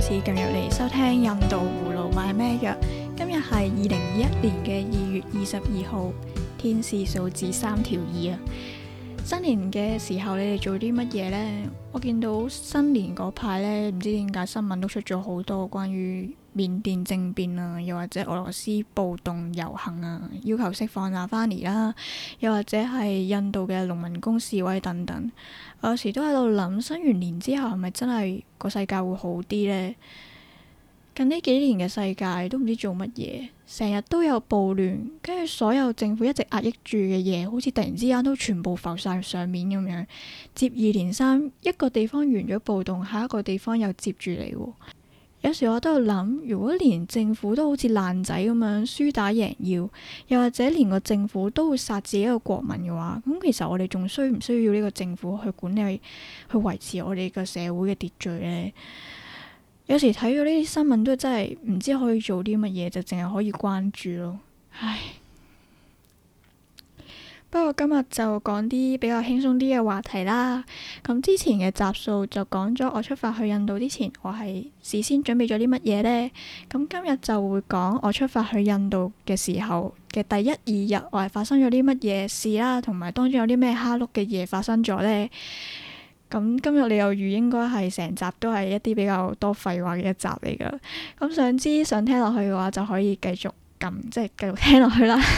近日嚟收聽印度葫蘆賣咩藥？今日係二零二一年嘅二月二十二號，天使數字三條二啊！新年嘅時候，你哋做啲乜嘢呢？我見到新年嗰排呢，唔知點解新聞都出咗好多關於。緬甸政變啊，又或者俄羅斯暴動遊行啊，要求釋放阿凡尼啦，又或者係印度嘅農民工示威等等。我有時都喺度諗，新完年之後係咪真係個世界會好啲呢？近呢幾年嘅世界都唔知做乜嘢，成日都有暴亂，跟住所有政府一直壓抑住嘅嘢，好似突然之間都全部浮晒上面咁樣，接二連三，一個地方完咗暴動，下一個地方又接住嚟喎。有時我都喺度諗，如果連政府都好似爛仔咁樣輸打贏要，又或者連個政府都會殺自己嘅國民嘅話，咁其實我哋仲需唔需要呢個政府去管理、去維持我哋嘅社會嘅秩序呢？有時睇到呢啲新聞都真係唔知可以做啲乜嘢，就淨係可以關注咯。唉。不過今日就講啲比較輕鬆啲嘅話題啦。咁之前嘅集數就講咗我出發去印度之前，我係事先準備咗啲乜嘢呢？咁今日就會講我出發去印度嘅時候嘅第一二日，我係發生咗啲乜嘢事啦，同埋當中有啲咩蝦碌嘅嘢發生咗呢。咁今日你又預應該係成集都係一啲比較多廢話嘅一集嚟㗎。咁想知想聽落去嘅話，就可以繼續撳，即係繼續聽落去啦。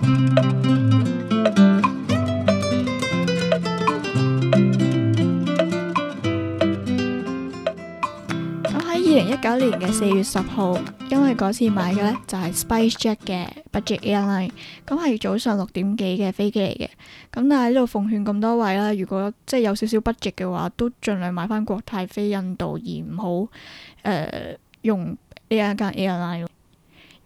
咁喺二零一九年嘅四月十號，因為嗰次買嘅呢就係、是、SpiceJet 嘅 Budget Airline，咁係早上六點幾嘅飛機嚟嘅。咁但係呢度奉勸咁多位啦，如果即係有少少 budget 嘅話，都盡量買翻國泰飛印度而，而唔好用呢一間 Airline。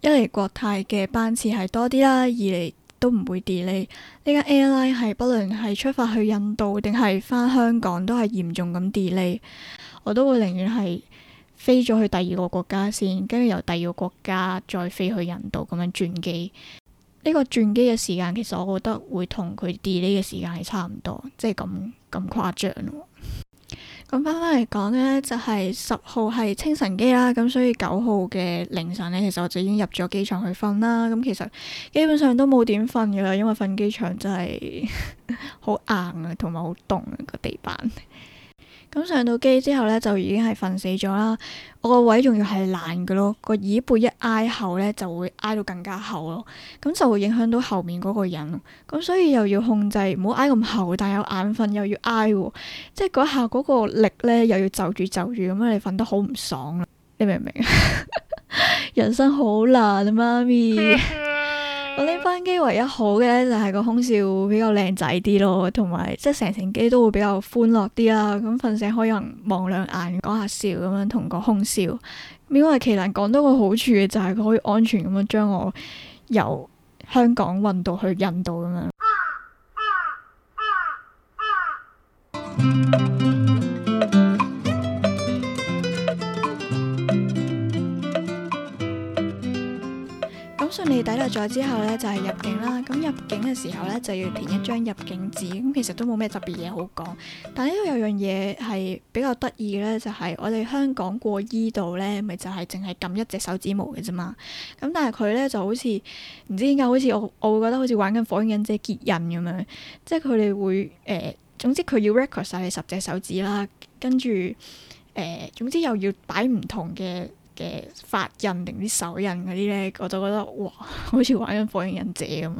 一嚟，國泰嘅班次係多啲啦，二嚟都唔會 delay。呢間 airline 係不論係出發去印度定係返香港都係嚴重咁 delay。我都會寧願係飛咗去，去第二個國家先，跟住由第二個國家再飛去印度咁樣轉機。呢、這個轉機嘅時間其實我覺得會同佢 delay 嘅時間係差唔多，即係咁咁誇張、啊。咁翻返嚟講咧，就係十號係清晨機啦，咁所以九號嘅凌晨咧，其實我就已經入咗機場去瞓啦。咁其實基本上都冇點瞓嘅啦，因為瞓機場真係好硬啊，同埋好凍啊個地板。咁上到機之後呢，就已經係瞓死咗啦。我個位仲要係爛嘅咯，個椅背一挨後呢，就會挨到更加厚咯。咁就會影響到後面嗰個人。咁所以又要控制唔好挨咁厚，但係有眼瞓又要挨喎。即係嗰下嗰個力呢，又要就住就住咁，你瞓得好唔爽，你明唔明？ 人生好難啊，媽咪。嗯我拎班機唯一好嘅咧，就係個空少比較靚仔啲咯，同埋即係成程機都會比較歡樂啲啦。咁瞓醒可能望兩眼，講下笑咁樣，同個空少。因為奇楠講到個好處嘅就係佢可以安全咁樣將我由香港運到去印度咁樣。啊啊啊啊 順利抵達咗之後咧，就係、是、入境啦。咁入境嘅時候咧，就要填一張入境紙。咁其實都冇咩特別嘢好講。但呢度有樣嘢係比較得意嘅咧，就係、是、我哋香港過呢度咧，咪就係淨係撳一隻手指模嘅啫嘛。咁但係佢咧就好似唔知點解，好似我我會覺得好似玩緊火影忍者結印咁樣。即係佢哋會誒、呃，總之佢要 record 晒你十隻手指啦，跟住誒、呃，總之又要擺唔同嘅。嘅法印定啲手印嗰啲呢，我就覺得哇，好似玩緊火影忍者咁。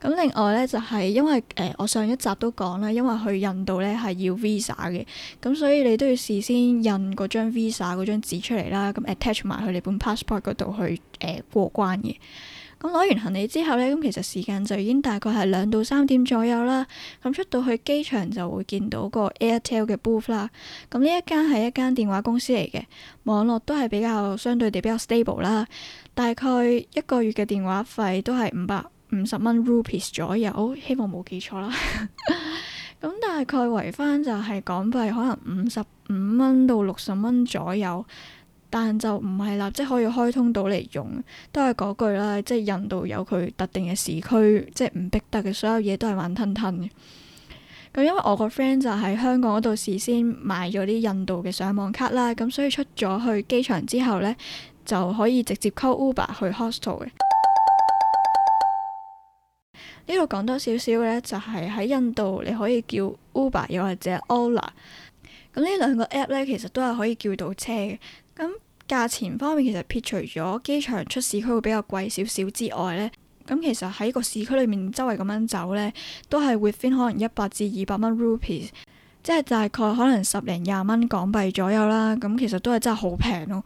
咁另外呢，就係、是、因為誒、呃、我上一集都講啦，因為去印度呢係要 visa 嘅，咁所以你都要事先印嗰張 visa 嗰張紙出嚟啦，咁 attach 埋去你本 passport 嗰度去誒、呃、過關嘅。咁攞完行李之後呢，咁其實時間就已經大概係兩到三點左右啦。咁出到去機場就會見到個 Airtel 嘅 booth 啦。咁呢一間係一間電話公司嚟嘅，網絡都係比較相對地比較 stable 啦。大概一個月嘅電話費都係五百五十蚊 rupees 左右，希望冇記錯啦。咁 大概匯返就係港幣可能五十五蚊到六十蚊左右。但就唔係啦，即可以開通到嚟用，都係嗰句啦。即係印度有佢特定嘅市區，即係唔逼得嘅，所有嘢都係慢吞吞嘅。咁因為我個 friend 就喺香港嗰度事先買咗啲印度嘅上網卡啦，咁所以出咗去機場之後呢，就可以直接 call Uber 去 hostel 嘅。呢度講多少少嘅呢，就係喺印度你可以叫 Uber 又或者 Ola。咁呢兩個 app 呢，其實都係可以叫到車嘅。咁價錢方面其實撇除咗機場出市區會比較貴少少之外呢，咁其實喺個市區裏面周圍咁樣走呢，都係 within 可能一百至二百蚊 rupees 即係大概可能十零廿蚊港幣左右啦。咁其實都係真係好平咯。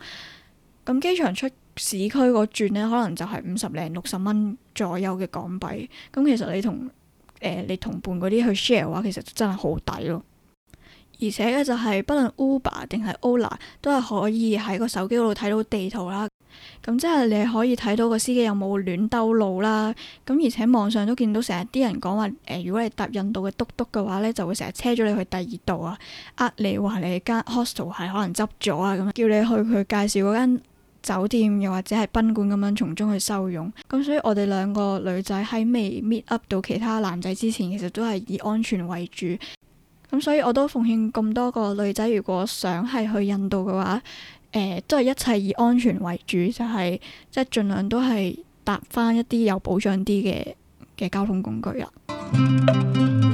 咁機場出市區嗰轉呢，可能就係五十零六十蚊左右嘅港幣。咁其實你同、呃、你同伴嗰啲去 share 嘅話，其實真係好抵咯。而且呢、就是，就係不論 Uber 定係 Ola 都係可以喺個手機嗰度睇到地圖啦，咁即係你可以睇到個司機有冇亂兜路啦。咁而且網上都見到成日啲人講話，誒、呃、如果你搭印度嘅嘟嘟嘅話呢，就會成日車咗你去第二度啊，呃，你話你間 hostel 係可能執咗啊，咁叫你去佢介紹嗰間酒店又或者係賓館咁樣從中去收傭。咁所以我哋兩個女仔喺未 meet up 到其他男仔之前，其實都係以安全為主。咁、嗯、所以我都奉勸咁多個女仔，如果想係去印度嘅話，誒、呃、都係一切以安全為主，就係即係盡量都係搭返一啲有保障啲嘅嘅交通工具啦。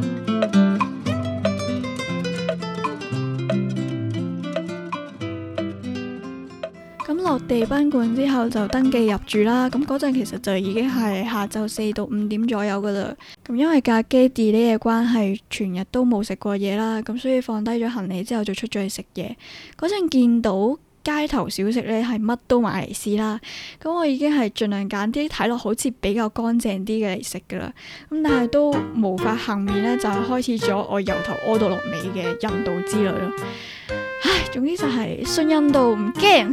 落地賓館之後就登記入住啦，咁嗰陣其實就已經係下晝四到五點左右噶啦。咁因為架機 delay 嘅關係，全日都冇食過嘢啦，咁所以放低咗行李之後就出咗去食嘢。嗰陣見到街頭小食呢係乜都買嚟試啦，咁我已經係盡量揀啲睇落好似比較乾淨啲嘅嚟食噶啦，咁但係都無法幸免呢，就係開始咗我由頭屙到落尾嘅印度之旅咯。唉，總之就係信任度唔驚。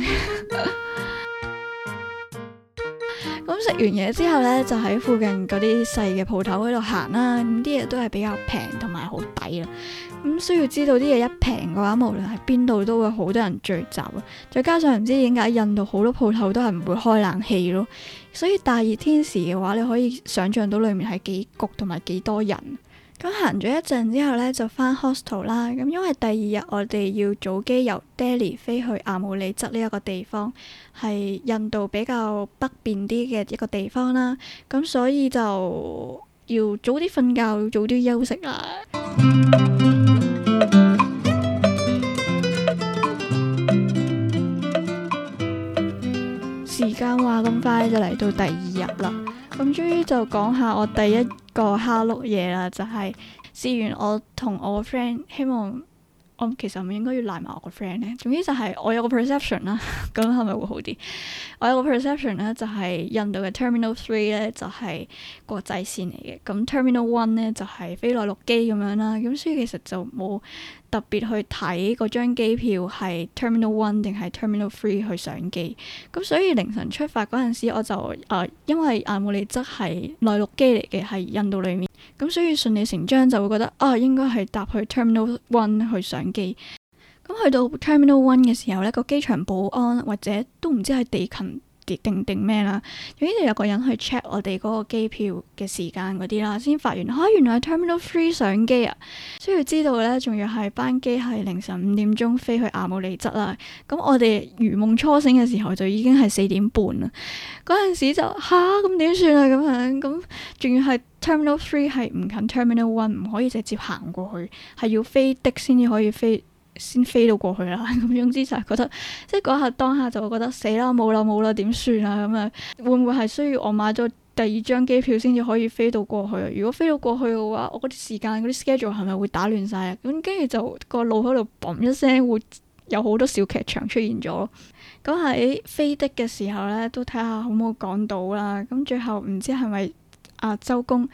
咁 食完嘢之後呢，就喺附近嗰啲細嘅鋪頭喺度行啦。咁啲嘢都係比較平同埋好抵啦。咁需要知道啲嘢一平嘅話，無論係邊度都會好多人聚集啊。再加上唔知點解印度好多鋪頭都係唔會開冷氣咯，所以大熱天時嘅話，你可以想象到裏面係幾焗同埋幾多人。咁行咗一陣之後呢，就返 hostel 啦。咁因為第二日我哋要早機由 Delhi 飛去阿姆利則呢一個地方，係印度比較北邊啲嘅一個地方啦。咁所以就要早啲瞓覺，要早啲休息啦。時間話咁快就嚟到第二日啦。咁終於就講下我第一個蝦碌嘢啦，就係試完我同我個 friend，希望我、嗯、其實唔應該要賴埋我個 friend 咧。總之就係我有個 perception 啦，咁係咪會好啲？我有個 perception 咧，就係印度嘅 Terminal Three 咧就係國際線嚟嘅，咁 Terminal One 咧就係飛內陸機咁樣啦，咁所以其實就冇。特別去睇嗰張機票係 terminal one 定係 terminal three 去上機咁，所以凌晨出發嗰陣時我就誒、呃，因為阿姆利則係內陸機嚟嘅，係印度裡面咁，所以順理成章就會覺得啊，應該係搭去 terminal one 去上機咁。去到 terminal one 嘅時候呢、個機場保安或者都唔知係地勤。定定咩啦？總之就有個人去 check 我哋嗰個機票嘅時間嗰啲啦，先發現嚇、啊、原來 terminal three 上機啊！需要知道呢，仲要係班機係凌晨五點鐘飛去阿姆利則啦。咁我哋如夢初醒嘅時候就已經係四點半啦。嗰陣時就吓咁點算啊？咁樣咁，仲要係 terminal three 係唔近 terminal one，唔可以直接行過去，係要飛的先至可以飛。先飛到過去啦，咁總之就係覺得，即係嗰刻當下就會覺得死啦，冇啦冇啦，點算啊？咁啊，樣會唔會係需要我買咗第二張機票先至可以飛到過去啊？如果飛到過去嘅話，我啲時間啲 schedule 係咪會打亂晒啊？咁跟住就個腦喺度嘣一聲，會有好多小劇場出現咗。咁喺飛的嘅時候呢，都睇下好唔好講到啦。咁最後唔知係咪阿周公？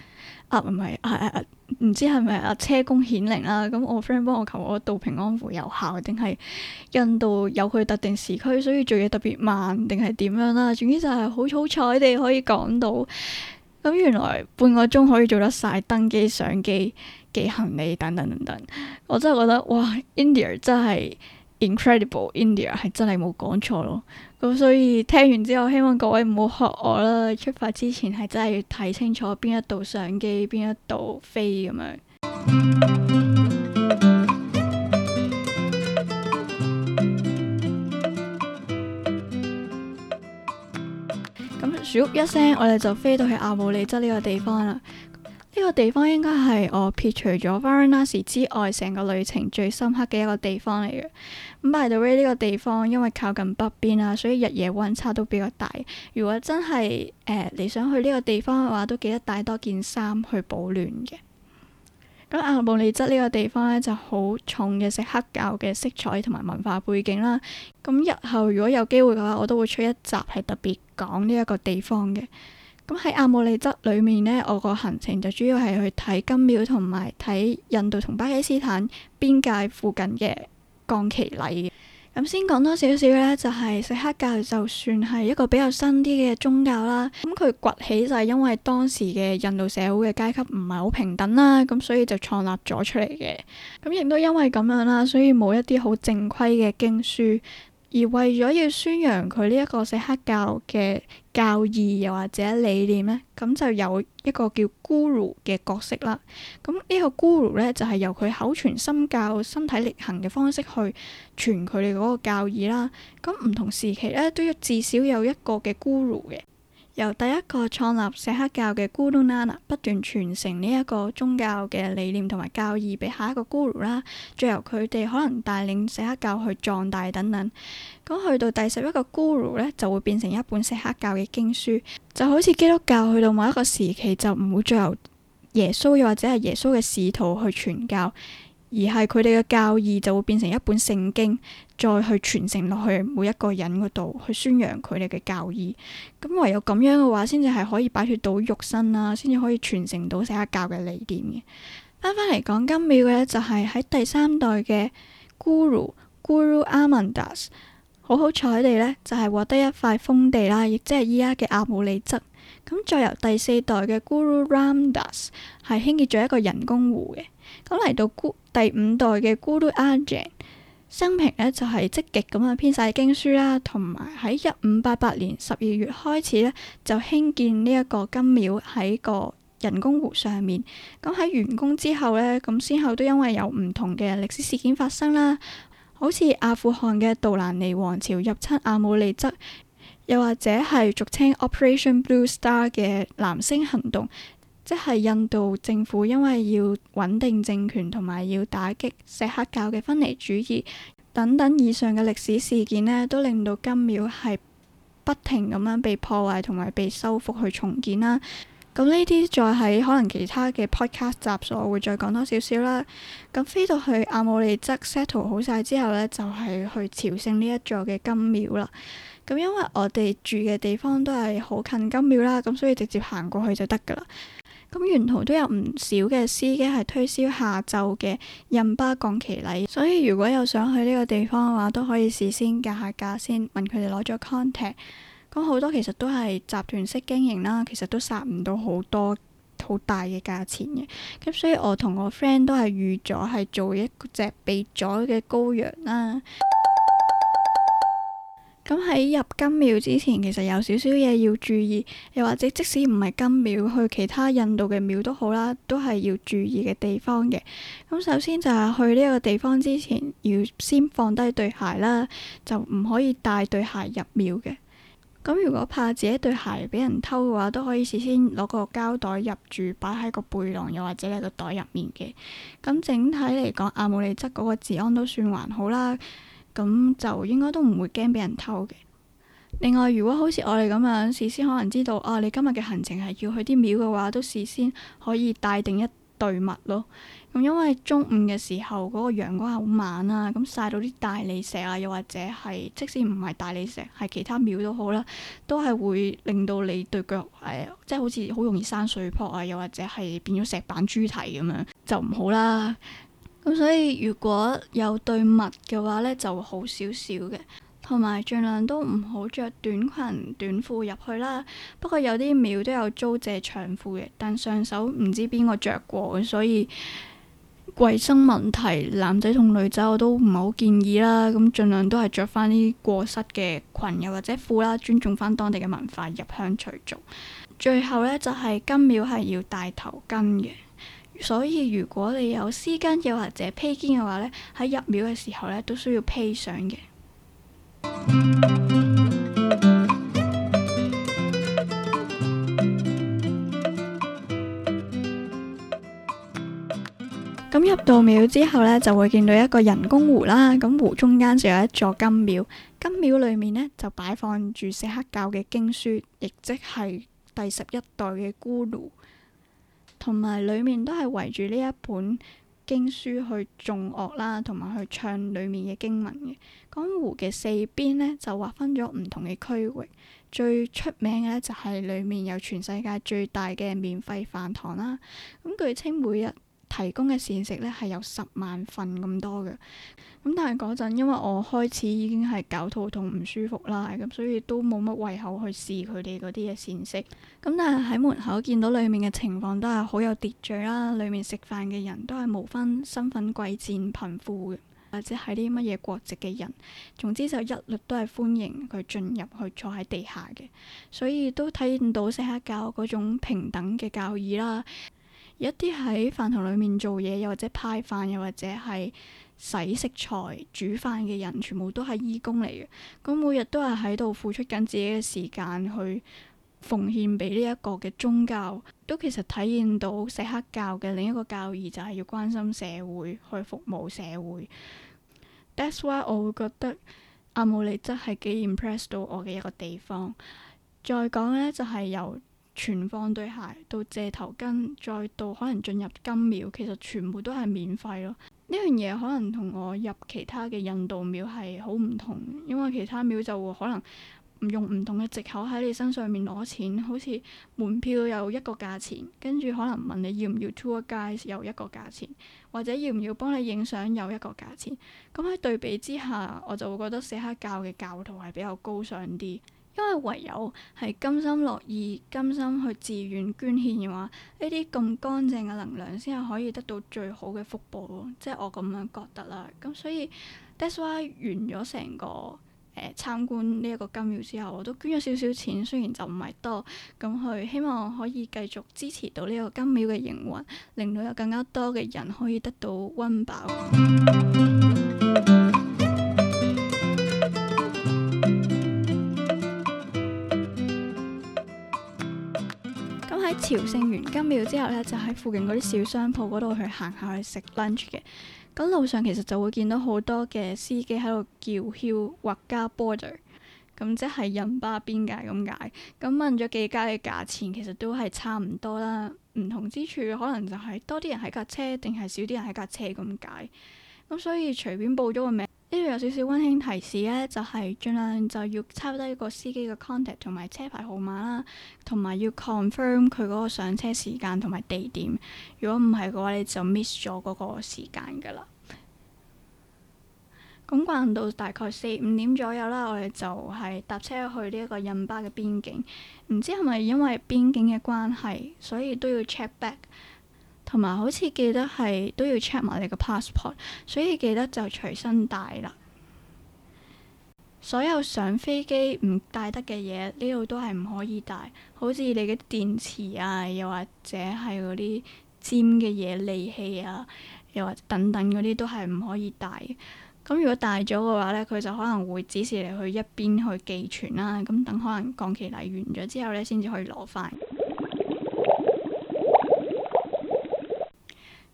啊唔係啊啊！啊唔知係咪啊車公顯靈啦，咁我 friend 幫我求我道平安符，有效定係印度有佢特定時區，所以做嘢特別慢定係點樣啦？總之就係好彩地可以講到，咁原來半個鐘可以做得晒登機、上機、寄行李等等等等，我真係覺得哇，India 真係～Incredible India 係真係冇講錯咯，咁所以聽完之後，希望各位唔好學我啦。出發之前係真係要睇清楚邊一度上機，邊一度飛咁樣。咁，鈴 一聲，我哋就飛到去阿姆利則呢個地方啦。呢個地方應該係我撇除咗 Varanasi 之外，成個旅程最深刻嘅一個地方嚟嘅。咁 By the way, 呢個地方，因為靠近北邊啊，所以日夜溫差都比較大。如果真係誒、呃、你想去呢個地方嘅話，都記得帶多件衫去保暖嘅。咁阿、嗯啊、布利茲呢個地方呢，就好重嘅錫克教嘅色彩同埋文化背景啦。咁、嗯、日後如果有機會嘅話，我都會出一集係特別講呢一個地方嘅。咁喺阿姆利則裏面呢，我個行程就主要係去睇金廟同埋睇印度同巴基斯坦邊界附近嘅降旗禮。咁先講多少少呢，就係錫克教就算係一個比較新啲嘅宗教啦。咁佢崛起就係因為當時嘅印度社會嘅階級唔係好平等啦，咁所以就創立咗出嚟嘅。咁亦都因為咁樣啦，所以冇一啲好正規嘅經書，而為咗要宣揚佢呢一個錫克教嘅。教義又或者理念呢，咁就有一個叫 guru 嘅角色啦。咁呢個 guru 呢就係、是，由佢口傳心教、身體力行嘅方式去傳佢哋嗰個教義啦。咁唔同時期呢，都要至少有一個嘅 guru 嘅。由第一個創立錫克教嘅 Guru Nana 不斷傳承呢一個宗教嘅理念同埋教義俾下一個 Guru 啦，再由佢哋可能帶領錫克教去壯大等等。咁去到第十一個 Guru 呢，就會變成一本錫克教嘅經書，就好似基督教去到某一個時期就唔會再由耶穌又或者係耶穌嘅使徒去傳教。而係佢哋嘅教義就會變成一本聖經，再去傳承落去每一個人嗰度，去宣揚佢哋嘅教義。咁唯有咁樣嘅話，先至係可以擺脫到肉身啦、啊，先至可以傳承到錫克教嘅理念嘅。翻翻嚟講金廟嘅呢就係、是、喺第三代嘅 Guru Guru Amandas 好好彩地呢就係、是、獲得一塊封地啦，亦即係依家嘅阿姆利則。咁再由第四代嘅 Guru Ramdas 係興建咗一個人工湖嘅。咁嚟到第五代嘅咕嚕 Guru Arjan 生平呢就係積極咁樣編晒經書啦，同埋喺一五八八年十二月開始呢，就興建呢一個金廟喺個人工湖上面。咁喺完工之後呢，咁先後都因為有唔同嘅歷史事件發生啦，好似阿富汗嘅杜蘭尼王朝入侵阿姆利則，又或者係俗稱 Operation Blue Star 嘅藍星行動。即係印度政府，因為要穩定政權，同埋要打擊錫克教嘅分離主義等等。以上嘅歷史事件呢都令到金廟係不停咁樣被破壞，同埋被修復去重建啦。咁呢啲再喺可能其他嘅 podcast 集所會再講多少少啦。咁飛到去阿姆利則 settle 好晒之後呢就係、是、去朝聖呢一座嘅金廟啦。咁因為我哋住嘅地方都係好近金廟啦，咁所以直接行過去就得㗎喇。咁沿途都有唔少嘅司機係推銷下晝嘅印巴降旗禮，所以如果有想去呢個地方嘅話，都可以事先夾下價先問佢哋攞咗 contact。咁好多其實都係集團式經營啦，其實都殺唔到好多好大嘅價錢嘅。咁所以我同我 friend 都係預咗係做一隻被宰嘅羔羊啦。咁喺入金廟之前，其實有少少嘢要注意，又或者即使唔係金廟，去其他印度嘅廟都好啦，都係要注意嘅地方嘅。咁首先就係去呢個地方之前，要先放低對鞋啦，就唔可以帶對鞋入廟嘅。咁如果怕自己對鞋俾人偷嘅話，都可以事先攞個膠袋入住，擺喺個背囊又或者喺個袋入面嘅。咁整體嚟講，阿姆利則嗰個治安都算還好啦。咁就應該都唔會驚俾人偷嘅。另外，如果好似我哋咁樣事先可能知道，啊，你今日嘅行程係要去啲廟嘅話，都事先可以帶定一對襪咯。咁、嗯、因為中午嘅時候嗰、那個陽光好猛啊，咁、嗯、曬到啲大理石啊，又或者係即使唔係大理石，係其他廟都好啦，都係會令到你對腳誒，即、哎、係、就是、好似好容易生水泡啊，又或者係變咗石板豬蹄咁樣，就唔好啦。咁所以如果有對襪嘅話呢，就會好少少嘅，同埋儘量都唔好着短裙、短褲入去啦。不過有啲廟都有租借長褲嘅，但上手唔知邊個着過，所以衛生問題，男仔同女仔我都唔係好建議啦。咁儘量都係着翻啲過膝嘅裙，又或者褲啦，尊重翻當地嘅文化，入鄉隨俗。最後呢，就係金廟係要戴頭巾嘅。所以如果你有絲巾又或者披肩嘅話呢，喺入廟嘅時候呢，都需要披上嘅。咁入到廟之後呢，就會見到一個人工湖啦。咁湖中間就有一座金廟，金廟裏面呢，就擺放住錫克教嘅經書，亦即係第十一代嘅咕魯。同埋裡面都係圍住呢一本經書去誦樂啦，同埋去唱裡面嘅經文嘅。個湖嘅四邊呢，就劃分咗唔同嘅區域，最出名嘅呢，就係裡面有全世界最大嘅免費飯堂啦。咁據稱每日，提供嘅膳食咧係有十萬份咁多嘅，咁但係嗰陣因為我開始已經係搞肚痛唔舒服啦，咁所以都冇乜胃口去試佢哋嗰啲嘅膳食。咁但係喺門口見到裡面嘅情況都係好有秩序啦，裡面食飯嘅人都係無分身份貴賤貧富嘅，或者係啲乜嘢國籍嘅人，總之就一律都係歡迎佢進入去坐喺地下嘅，所以都體現到錫克教嗰種平等嘅教義啦。一啲喺飯堂裡面做嘢，又或者派飯，又或者係洗食材、煮飯嘅人，全部都係義工嚟嘅。咁每日都係喺度付出緊自己嘅時間去奉獻俾呢一個嘅宗教，都其實體現到錫克教嘅另一個教義，就係、是、要關心社會，去服務社會。That's why 我會覺得阿姆利則係幾 impress 到我嘅一個地方。再講咧，就係、是、由。存放對鞋到借頭巾，再到可能進入金廟，其實全部都係免費咯。呢樣嘢可能同我入其他嘅印度廟係好唔同，因為其他廟就會可能用唔同嘅藉口喺你身上面攞錢，好似門票又一個價錢，跟住可能問你要唔要 tour guide 又一個價錢，或者要唔要幫你影相又一個價錢。咁喺對比之下，我就會覺得錫克教嘅教徒係比較高尚啲。因為唯有係甘心樂意、甘心去自願捐獻嘅話，呢啲咁乾淨嘅能量先係可以得到最好嘅福報，即係我咁樣覺得啦。咁所以 That's why，完咗成個誒參觀呢一個金廟之後，我都捐咗少少錢，雖然就唔係多咁去，希望可以繼續支持到呢個金廟嘅營運，令到有更加多嘅人可以得到温飽。調升完金廟之後呢，就喺附近嗰啲小商鋪嗰度去行下去食 lunch 嘅。咁路上其實就會見到好多嘅司機喺度叫囂 Wagah border，咁即係印巴邊界咁解。咁問咗幾家嘅價錢，其實都係差唔多啦。唔同之處可能就係多啲人喺架車，定係少啲人喺架車咁解。咁所以隨便報咗個名。呢度有少少溫馨提示呢就係、是、盡量就要抄低個司機嘅 contact 同埋車牌號碼啦，同埋要 confirm 佢嗰個上車時間同埋地點。如果唔係嘅話，你就 miss 咗嗰個時間㗎啦。咁、嗯、逛到大概四五點左右啦，我哋就係搭車去呢一個印巴嘅邊境。唔知係咪因為邊境嘅關係，所以都要 check back。同埋好似記得係都要 check 埋你個 passport，所以記得就隨身帶啦。所有上飛機唔帶得嘅嘢，呢度都係唔可以帶。好似你嘅啲電池啊，又或者係嗰啲尖嘅嘢、利器啊，又或者等等嗰啲都係唔可以帶。咁如果帶咗嘅話呢，佢就可能會指示你去一邊去寄存啦。咁等可能降旗禮完咗之後呢，先至可以攞返。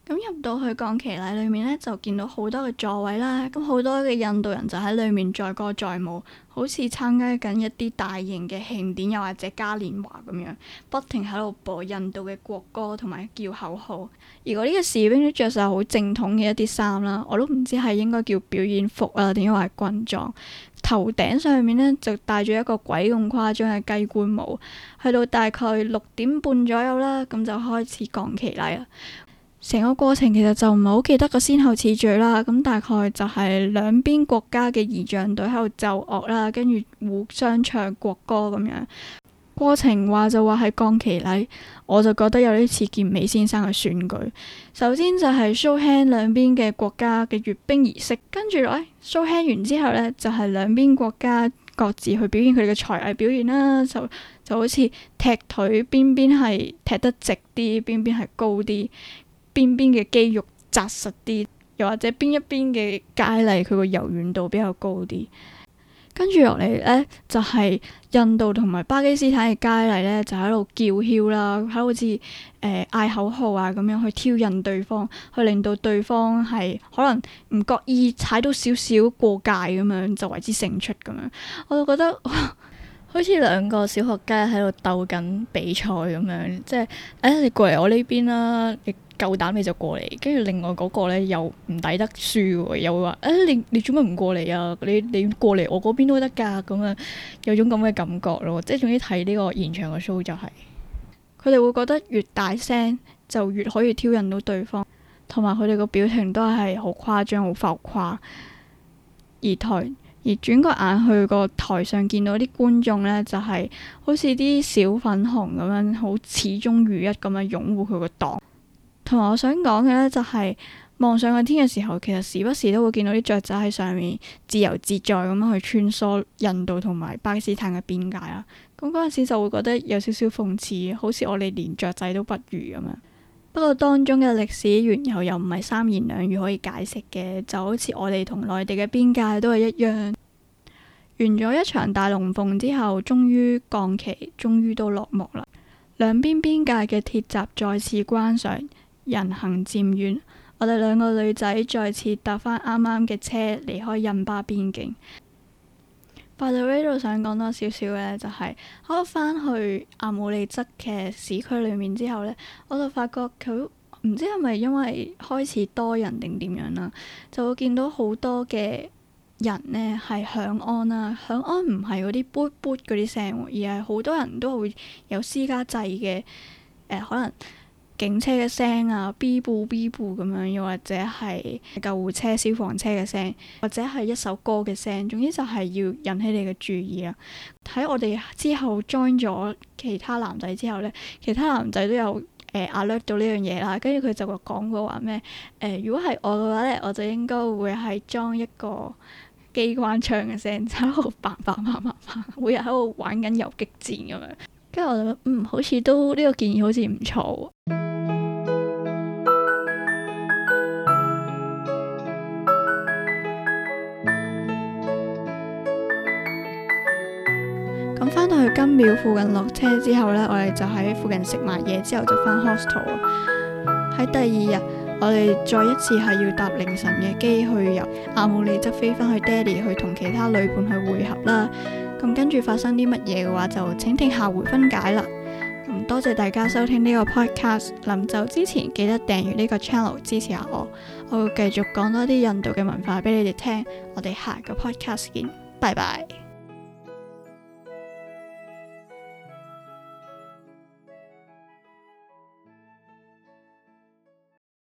咁入到去降旗禮裏面呢，就見到好多嘅座位啦。咁好多嘅印度人就喺裏面載歌載舞，好似參加緊一啲大型嘅慶典，又或者嘉年華咁樣，不停喺度播印度嘅國歌同埋叫口號。而嗰啲嘅士兵都着晒好正統嘅一啲衫啦，我都唔知係應該叫表演服啊，定抑或係軍裝。頭頂上面呢，就戴咗一個鬼咁誇張嘅雞冠帽。去到大概六點半左右啦，咁就開始降旗禮啦。成個過程其實就唔係好記得個先後次序啦，咁大概就係兩邊國家嘅儀仗隊喺度奏樂啦，跟住互相唱國歌咁樣。過程話就話係降旗禮，我就覺得有啲似健美先生嘅選舉。首先就係 show hand 兩邊嘅國家嘅閱兵儀式，跟住落去 show hand 完之後呢，就係兩邊國家各自去表演佢哋嘅才藝表演啦，就就好似踢腿，邊邊係踢得直啲，邊邊係高啲。邊邊嘅肌肉紮實啲，又或者邊一邊嘅佳麗佢個柔軟度比較高啲，跟住落嚟呢，就係印度同埋巴基斯坦嘅佳麗呢，就喺度叫囂啦，喺度好似誒嗌口號啊咁樣去挑釁對方，去令到對方係可能唔覺意踩到少少過界咁樣就為之勝出咁樣，我就覺得。 好似兩個小學雞喺度鬥緊比賽咁樣，即係誒、哎、你過嚟我呢邊啦，你夠膽你就過嚟，跟住另外嗰個呢，又唔抵得輸，又會話誒、哎、你你做乜唔過嚟啊？你你過嚟我嗰邊都得噶，咁樣有種咁嘅感覺咯，即係總之睇呢個現場嘅 show 就係、是，佢哋會覺得越大聲就越可以挑釁到對方，同埋佢哋個表情都係好誇張、好浮誇，二台。而轉個眼去個台上見到啲觀眾呢，就係好似啲小粉紅咁樣，好始終如一咁樣擁護佢個黨。同埋我想講嘅呢，就係望上個天嘅時候，其實時不時都會見到啲雀仔喺上面自由自在咁樣去穿梭印度同埋巴基斯坦嘅邊界啦。咁嗰陣時就會覺得有少少諷刺，好似我哋連雀仔都不如咁樣。不過當中嘅歷史緣由又唔係三言兩語可以解釋嘅，就好似我哋同內地嘅邊界都係一樣。完咗一場大龍鳳之後，終於降旗，終於都落幕啦。兩邊邊界嘅鐵閘再次關上，人行漸遠。我哋兩個女仔再次搭翻啱啱嘅車離開印巴邊境。發到呢度想講多少少咧，就係、是、我翻去阿姆利則嘅市區裏面之後呢，我就發覺佢唔知係咪因為開始多人定點樣啦，就會見到好多嘅人呢係響安啦，響安唔係嗰啲 boot boot 嗰啲聲，而係好多人都會有私家制嘅、呃、可能。警車嘅聲啊，B 步 B 步咁樣，又或者係救護車、消防車嘅聲，或者係一首歌嘅聲，總之就係要引起你嘅注意啊。喺我哋之後 join 咗其他男仔之後咧，其他男仔都有誒 alert、呃、到呢樣嘢啦。跟住佢就講過話咩？誒、呃，如果係我嘅話咧，我就應該會係裝一個機關槍嘅聲，就喺度嘭嘭嘭嘭，每日喺度玩緊遊擊戰咁樣。跟住我諗，嗯，好似都呢、呢個建議好似唔錯喎。咁返、嗯、到去金廟附近落車之後呢，我哋就喺附近食埋嘢之後就返 hostel。喺第二日，我哋再一次係要搭凌晨嘅機去由阿姆利則飛返去爹哋，去同其他旅伴去會合啦。咁跟住發生啲乜嘢嘅話，就請聽下回分解啦。咁多謝大家收聽呢個 podcast，臨走之前記得訂閱呢個 channel 支持下我，我會繼續講多啲印度嘅文化俾你哋聽。我哋下個 podcast 見，拜拜。